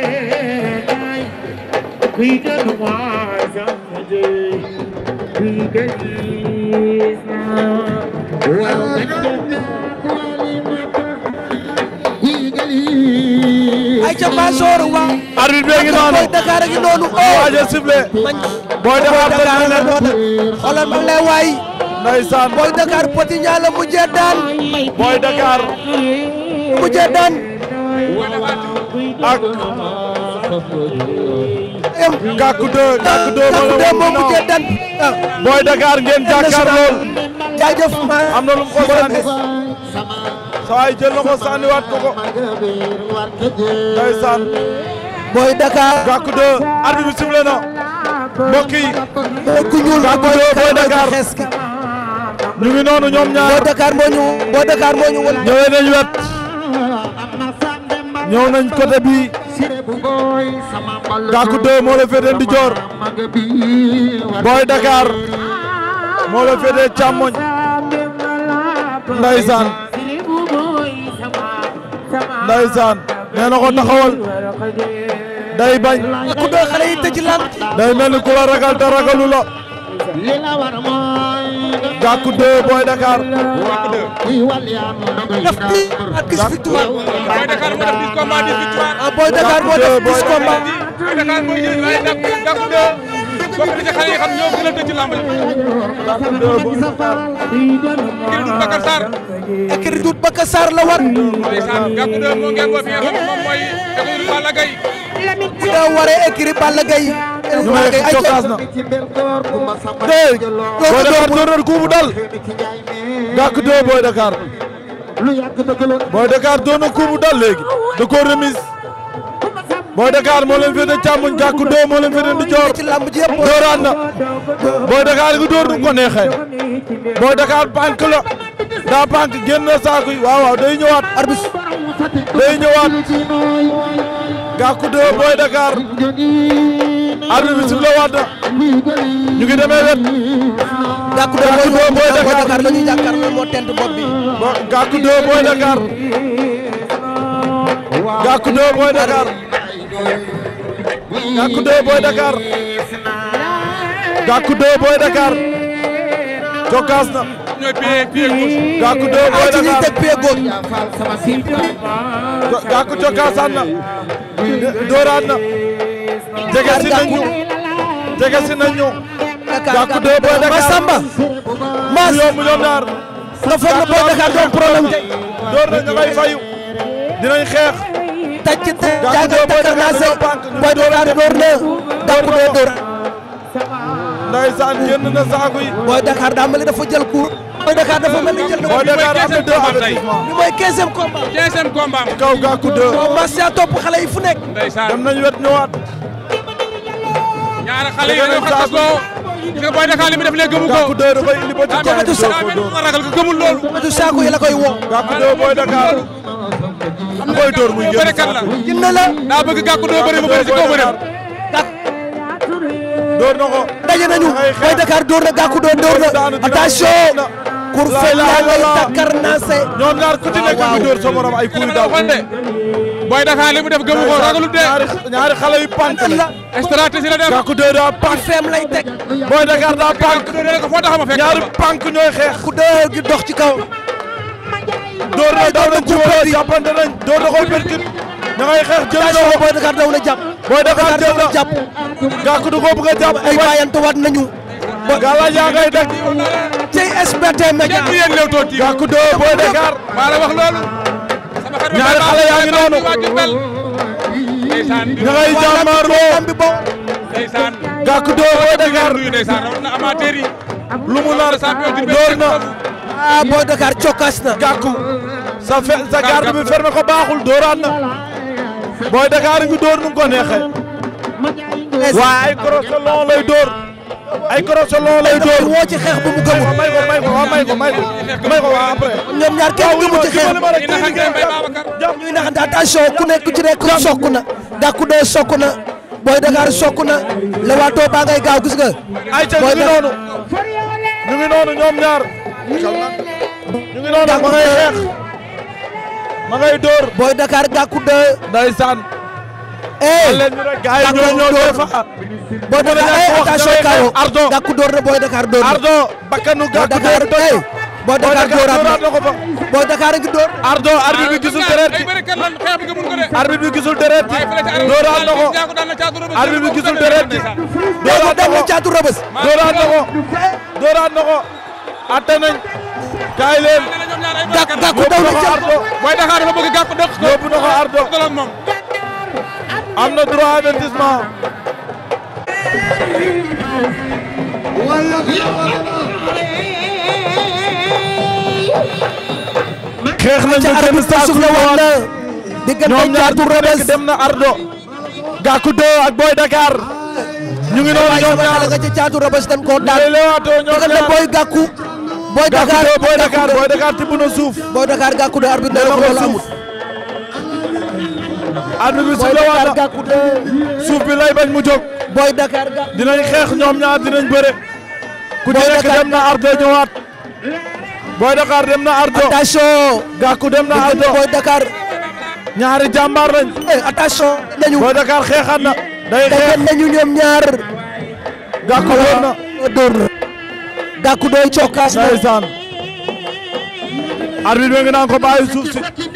day. Created wise of the day. Created is now. Well, ay ngi noonu Boy Dakar a ngi noonu waaja sifflé Boy Dakar la noonu xoolal ma lay waay ndeysaan Boy Dakar Petit Niang la mujjee daan Boy Dakar ak Gackou 2 Gackou 2 moo mujj dan Boy Dakar ngeen jàkkaarlool am na lu mu sawaay jël na ko waat ko ko ndeysaan Boy Dakar Gackou 2 arbitre bi sifflé na mbokk yi ku ñuul Gackou 2 Boy ñu ngi noonu ñoom ñaar Boy Dakar moo ñu Boy ñu wet ñëw nañ côté bi Gackou 2 moo la féetee ndijoor Boy Dakar moo la féetee càmmoñ ndaysaan ndaysaan nee na ko taxawal day bañ Gackou 2 xale yi tëj lamb day mel ni ku la ragal te ragalu la Gackou 2 Boy Dakar daf di ak gis victoire combat Boy Dakar moo def 10 combat 10 victoire. ah Boy Dakar moo def 10 combat. Boy Dakar mooy jël ay dàq a tëj ci lu yàgg dëgg la. Boy Dakar doon na kuubu dal léegi. da koo remise. Boy Dakar moo leen féete càmmoñ jàkku doo moo leen féete di joor dooraat na. Boy Dakar gi door du ko neexee. Boy pànk la. daa pànk génn na saako yi waaw day ñëwaat arbis day ñëwaat. gàkku doo Boy Dakar. arbis bi la waat na. ñu ngi demee wet. Gàkku Dóo Boy Dakar la ñu jàkkaarloo moo tent bopp bi. Gàkku Dóo Boy Dakar. Gàkku Dóo Boy Dakar. Gàkku Dóo Boy Dakar. Gàkku Dóo Boy Dakar. Jokkaas na. Gàkku Dóo Boy Dakar. ci ñuy teg pied gauche. Gàkku jokkaasaat na. dóoraat na. jege si nañ ñu jege si nañ ñu. gàkku doo Boy Dakar Massamba Mass yomb ñoom ñaar nga foog na Boy Dakar doon problème tey door na nga koy fayu dinañ xeex tàcc jàngal takkar naa se Boy door na gàkku doo door na saaku yi Boy Dakar daa mel ni dafa jël cour Boy Dakar dafa mel ni jël na Boy Dakar am na deux avertissement li mooy quinzième combat quinzième combat kaw gàkku deux moom Mass yaa topp xale yi fu nekk dem wet ñëwaat ñaari nga Boy Dakar li mu def léegi gëmu ko. Gackou da koy indi ba ma ragal ko gëmul koy woo. Gackou 2 Boy Dakar. am na koy dóor muy génn bëgg Gackou 2 bëri mu bëri ci kaw ba dem. dóor na ko. daje nañu Boy Dakar dóor na Gackou 2 dóor na attention. kurfe yaa ngay takkar naase. ñoom ñaar ku ci nekk ah, mi dóor sa ay kuy daaw. Boy Dakar li mu def gëmu ko ragalul de. ñaari xale yu pànk la. stratégie la def Kakou lay teg. Boy Dakar daa pànk. ma fekk ñaari pànk ñooy xeex. Kakou gi dox ci kaw. door na daw na jubóor jàppante nañ. door na ko perkut. ña ngay xeex jël na ko daw na jàpp. Boy Dakar jël na jàpp. Kakou du ko a jàpp. ay baayantuwaat nañu. galaaj yaa ngay dëkk. ci SBT Média. Kakou Boy Dakar. maa wax loolu. ñaari xale a ngi noonu ña ngay jàmmarloo Gackou door Boy Dakar lu mu door na ah Boy cokkas na Gackou sa fe sa garde bi ferme ko baaxul dooraat na Boy Dakar ngi door nu ko neexee waaye ay korosol lay door ay korose loo lay dóor woo ci xeex bu mu gëmul. may ko may ko waaw may ko may ko may ñoom ñaar kenn gëmu ci xeex ñuy naxante attention ku nekk ci nekk sokk na. Gackou doo sokk na. Boy Dakar sokk na. Leewtoo baa ngay gaaw gis nga. ay ca ñu ngi boo demee attention Karo gàkku door na booy Dakar door na Ardo bakkanu gàkku door na booy Dakar dooraat na booy Dakar ngi door Ardo arbitre bi gisul deret arbitre bi gisul deret dooraat na ko arbitre bi gisul deret dooraat na ko caatu rëbës dooraat na ko dooraat na ko atte nañ kaay leen gàkku daw na jël booy Dakar dafa bëgg gàkku dëkk yóbbu na ko Ardo am na droit avertissement. xeex nañ ba benn station bi waat ñoom ñaar bu rëbës dem na Ardo. Gackou 2 ak Boy Dakar. ñu ngi noonu ñoom ñaar nga ci caatu rëbës dañ koo daan digal na Boy Gackou. Boy Dakar Gackou na suuf. Boy Dakar Gackou 2 arbitre dara ko loolu amul. arbitre bi sifflé waat na suuf bi lay bañ mu jóg. Boy Dakar dinañ xeex ñoom ñaar dinañ bëre. ku ci nekk dem na ardo ñëwaat. Boy Dakar dem na ardo attention gàkku dem na ardo Boy Dakar. ñaari jàmbaar lañ. eh attention. nañu Boy Dakar xeexaat na. day xeex nañu ñoom ñaar. gàkku door na door na. ngi naan ko bàyyi suuf si.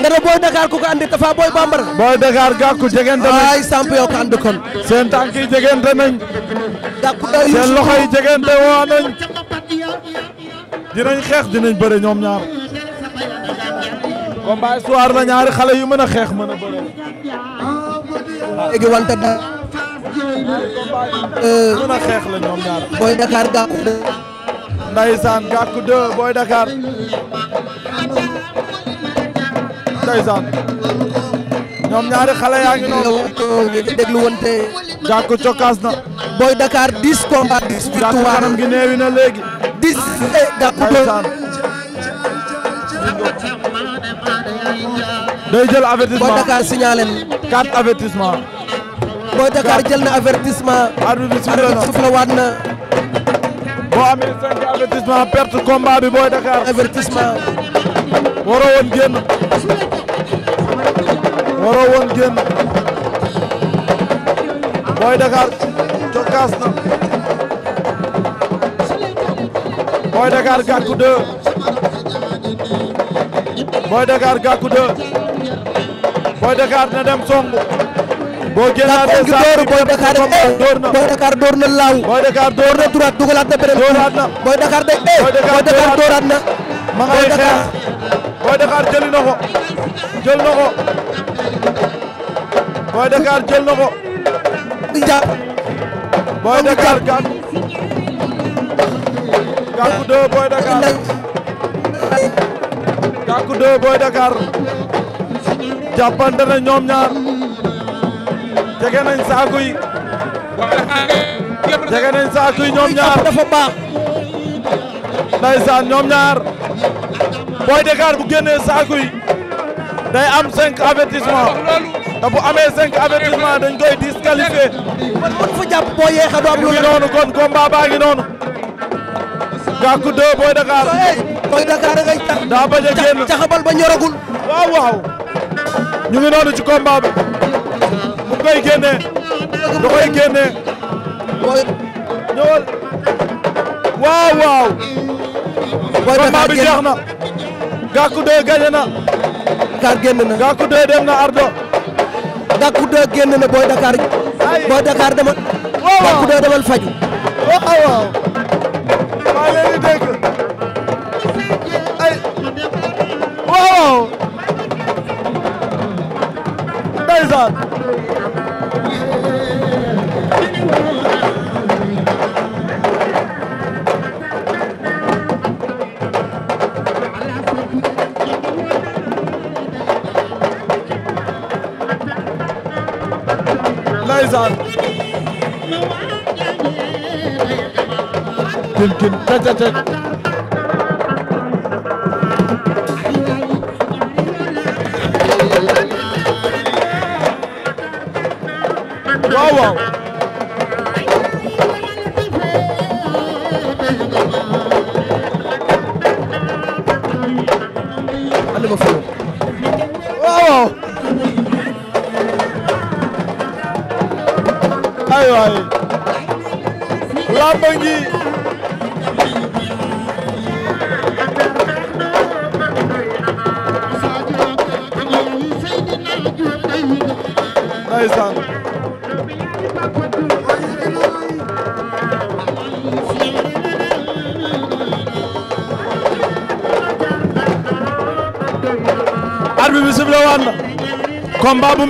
nga ne Boy Dakar ku ko andi Tapha Boy Bambara. Boy Dakar gàkku jegente seen tànk yi jegente nañ. gàkku day seen loxo yi jegente waa nañ. xeex dinañ bëre ñoom ñaar. combat soir la ñaari xale yu mën a xeex mën a bëre. léegi wante da. gàkku de. Ndeysaan gàkku ndeysaan ñoom ñaari xale yaa ngi noonu. ñu ngi déglu na. Boy Dakar 10 combat 10 victoire na léegi. 10 et Jàkku ndeysaan. day jël avertissement Boy Dakar signalé na. 4 avertissement. Boy Dakar jël na avertissement. arbitre sifflé waat na. boo amee 5 avertissement perte combat bi Boy Dakar. avertissement. waroo woon génn waroo woon génn na Boy Dakar gàkku deux Boy Dakar na dem songu boo génnaatee saa fi Boy Dakar door na Boy Dakar door door na turaat dugalaat na beneen dooraat na Boy Dakar de eh, Boy Dakar dooraat na ma ngay Boy Dakar jëli na ko jël na ko Boy Dakar jël ñoom ñaar. jege nañ saako yi. ñoom ñaar dafa baax. ñoom ñaar. Boy Dakar bu génnee saaku yi day am cinq avertissement te bu amee cinq avertissement dañ koy disqualifié. man fa jàpp boo yeexee doo am lu noonu kon combat baa ngi noonu. Gackou 2 Boy Dakar. Boy a génn caxabal ba ñoragul. waaw waaw. ñu ngi noonu ci combat bi. mu koy génnee. da waaw waaw. Boy Dakar combat Gackou 2 gañe na. Dakar génn na Gackou 2 dem na Ardo. Gackou 2 génn na Boy Dakar. Boy Dakar demal. Oh, waaw Gackou demal faju. Oh, waaw waaw. maa leen di dégg. ay. Elton tatatat waaw waaw ande ma folo waaw ay waay lamba ngi ndeysaan arbi bi sifle waan na combat bu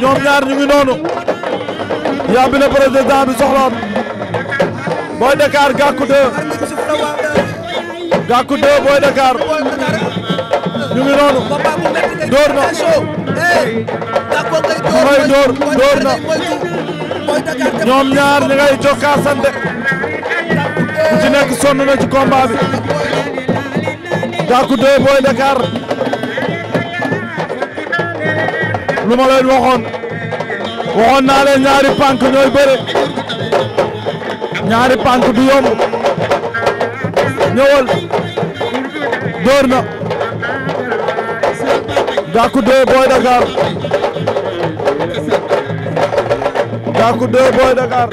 ñoom ñaar ñu ngi noonu yaa bi la président bi soxloon Boy Dakar Gackou 2 Boy Dakar ñu ngi noonu door na ngay door door na ñaar ñi ngay jokkaasante ku ci nekk sonn na ci combat bi Gackou 2 Boy Dakar lu ma leen waxoon waxoon naa leen ñaari pànk ñooy bëre ñaari pànk du yomb ñëwal Gackou 2 Boy Dakar Gackou 2 Boy Dakar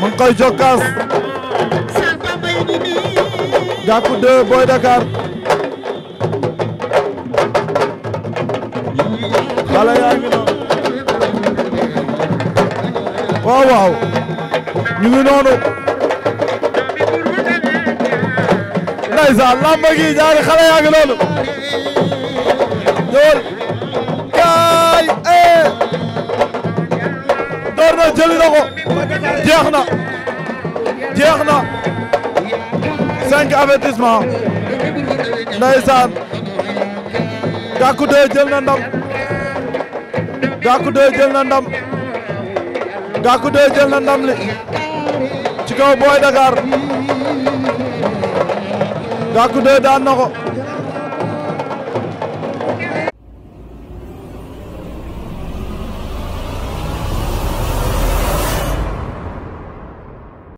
mu ngi koy jokkaas ngi noonu waaw waaw ñu ngi noonu ndeysaan lamba gi ñaari xale yaa ngi noonu ee eh. door na jëli na ko jeex na jeex na cinq avertissement ndeysaan Gackou 2 jël na ndam Gackou 2 jël na ndam Gackou 2 jël na ndam li ci kaw Boy Dakar Gackou 2 daan na ko